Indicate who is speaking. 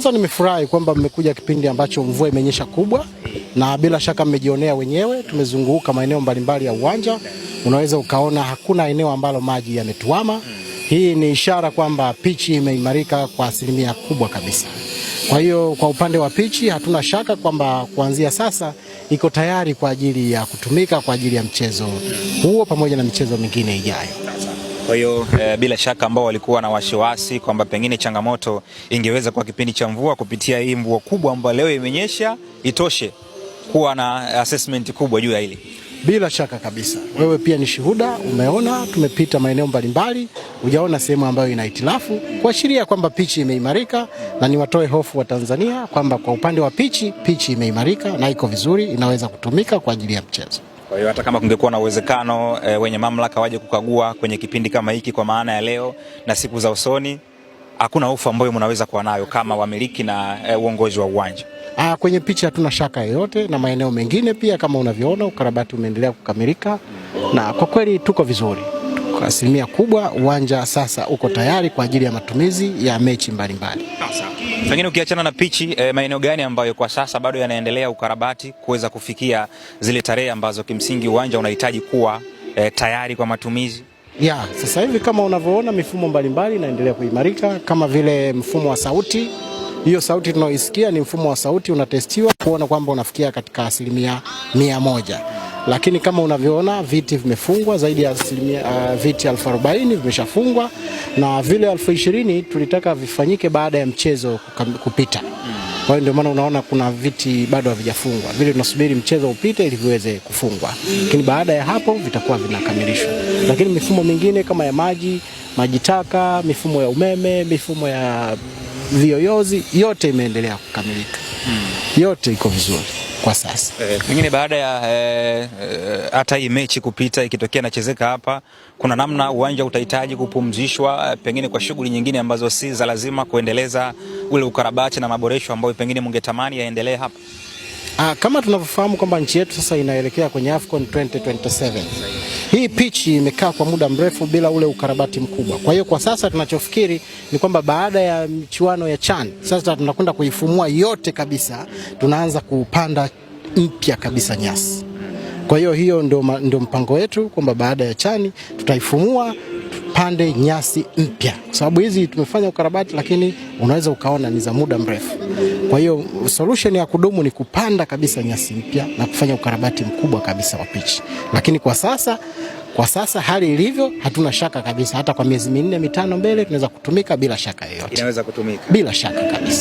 Speaker 1: Sasa nimefurahi kwamba mmekuja kipindi ambacho mvua imenyesha kubwa, na bila shaka mmejionea wenyewe. Tumezunguka maeneo mbalimbali ya uwanja, unaweza ukaona hakuna eneo ambalo maji yametuama. Hii ni ishara kwamba pichi imeimarika kwa asilimia kubwa kabisa. Kwa hiyo kwa upande wa pichi hatuna shaka kwamba kuanzia sasa iko tayari kwa ajili ya kutumika kwa ajili ya mchezo huo pamoja na michezo mingine ijayo.
Speaker 2: Kwa hiyo e, bila shaka ambao walikuwa na wasiwasi kwamba pengine changamoto ingeweza kwa kipindi cha mvua kupitia hii mvua kubwa ambayo leo imenyesha itoshe kuwa na assessment kubwa juu ya hili.
Speaker 1: Bila shaka kabisa, wewe pia ni shuhuda, umeona tumepita maeneo mbalimbali, hujaona sehemu ambayo ina itilafu, kuashiria kwamba pichi imeimarika. Na niwatoe hofu wa Tanzania kwamba kwa upande wa pichi, pichi imeimarika na iko vizuri, inaweza kutumika kwa ajili ya mchezo.
Speaker 2: Kwa hiyo hata kama kungekuwa na uwezekano e, wenye mamlaka waje kukagua kwenye kipindi kama hiki, kwa maana ya leo na siku za usoni, hakuna hofu ambayo mnaweza kuwa nayo kama wamiliki na e, uongozi wa uwanja.
Speaker 1: Aa, ah, kwenye picha hatuna shaka yoyote, na maeneo mengine pia kama unavyoona ukarabati umeendelea kukamilika, na kwa kweli tuko vizuri kwa asilimia kubwa. Uwanja sasa uko tayari kwa ajili ya matumizi ya mechi mbalimbali.
Speaker 2: Pengine ukiachana na pichi e, maeneo gani ambayo kwa sasa bado yanaendelea ukarabati kuweza kufikia zile tarehe ambazo kimsingi uwanja unahitaji kuwa e, tayari kwa matumizi?
Speaker 1: Ya, sasa hivi kama unavyoona mifumo mbalimbali inaendelea kuimarika kama vile mfumo wa sauti. Hiyo sauti tunaoisikia ni mfumo wa sauti unatestiwa kuona kwamba unafikia katika asilimia mia moja lakini kama unavyoona viti vimefungwa zaidi ya asilimia uh, viti elfu arobaini vimeshafungwa na vile elfu ishirini tulitaka vifanyike baada ya mchezo kupita. Kwa hiyo ndio maana unaona kuna viti bado havijafungwa, vile tunasubiri mchezo upite ili viweze kufungwa, lakini baada ya hapo vitakuwa vinakamilishwa. Lakini mifumo mingine kama ya maji, maji taka, mifumo ya umeme, mifumo ya viyoyozi yote imeendelea kukamilika hmm. yote iko vizuri kwa sasa
Speaker 2: eh, pengine baada ya eh, eh, hata eh, hii mechi kupita ikitokea nachezeka hapa, kuna namna uwanja utahitaji kupumzishwa, eh, pengine kwa shughuli nyingine ambazo si za lazima, kuendeleza ule ukarabati na maboresho ambayo pengine mungetamani yaendelee hapa.
Speaker 1: Ah, kama tunavyofahamu kwamba nchi yetu sasa inaelekea kwenye AFCON 2027 hii pichi imekaa kwa muda mrefu bila ule ukarabati mkubwa. Kwa hiyo kwa sasa tunachofikiri ni kwamba baada ya michuano ya CHAN sasa tunakwenda kuifumua yote kabisa, tunaanza kupanda mpya kabisa nyasi. Kwa hiyo hiyo ndio ndio mpango wetu kwamba baada ya chani tutaifumua pande nyasi mpya, sababu hizi tumefanya ukarabati, lakini unaweza ukaona ni za muda mrefu. Kwa hiyo solution ya kudumu ni kupanda kabisa nyasi mpya na kufanya ukarabati mkubwa kabisa wa pichi, lakini kwa sasa kwa sasa hali ilivyo, hatuna shaka kabisa, hata kwa miezi minne mitano mbele tunaweza kutumika bila shaka yoyote,
Speaker 2: inaweza kutumika
Speaker 1: bila shaka kabisa.